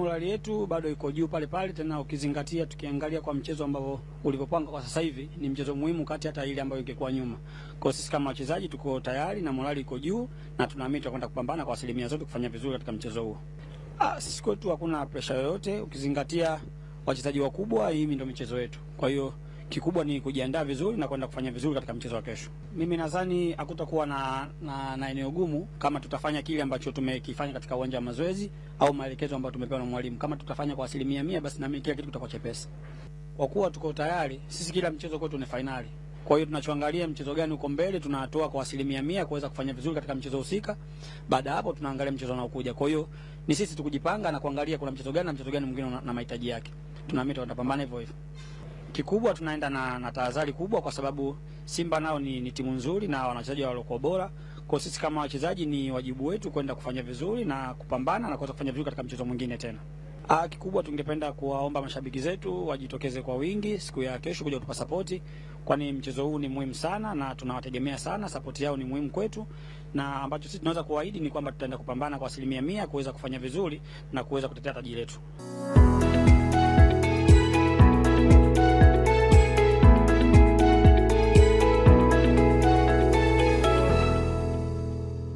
morali yetu bado iko juu pale pale, tena ukizingatia, tukiangalia kwa mchezo ambao ulivyopangwa kwa sasa hivi ni mchezo muhimu kati hata ile ambayo ingekuwa nyuma. Kwa sisi kama wachezaji tuko tayari na morali iko juu, na tunaamini tutakwenda kupambana kwa asilimia zote kufanya vizuri katika mchezo huo. Ah, sisi kwetu hakuna pressure yoyote, ukizingatia wachezaji wakubwa, hii ndio michezo yetu, kwa hiyo kikubwa ni kujiandaa vizuri na kwenda kufanya vizuri katika mchezo wa kesho. Mimi nadhani hakutakuwa na, na, na eneo gumu kama tutafanya kile ambacho tumekifanya katika uwanja wa mazoezi au maelekezo ambayo tumepewa na mwalimu. Kama tutafanya kwa asilimia mia, basi naamini kila kitu kitakuwa chepesi, kwa kuwa tuko tayari. Sisi kila mchezo kwetu ni fainali, kwa hiyo tunachoangalia mchezo gani uko mbele, tunatoa kwa asilimia mia kuweza kufanya vizuri katika mchezo husika. Baada hapo, tunaangalia mchezo unaokuja. Kwa hiyo ni sisi tukujipanga na kuangalia kuna mchezo gani na mchezo gani mwingine na mahitaji yake, tunaamini tutapambana hivyo hivyo kikubwa tunaenda na, na tahadhari kubwa, kwa sababu Simba nao ni, ni timu nzuri na wanachezaji waliokuwa bora. Kwa sisi kama wachezaji, ni wajibu wetu kwenda kufanya vizuri na kupambana na kuweza kufanya vizuri katika mchezo mwingine tena. Ah, kikubwa tungependa kuwaomba mashabiki zetu wajitokeze kwa wingi siku ya kesho kuja kutupa sapoti, kwani mchezo huu ni muhimu sana na tunawategemea sana. Sapoti yao ni muhimu kwetu, na ambacho sisi tunaweza kuahidi ni kwamba tutaenda kupambana kwa asilimia mia kuweza kufanya vizuri na kuweza kutetea taji letu.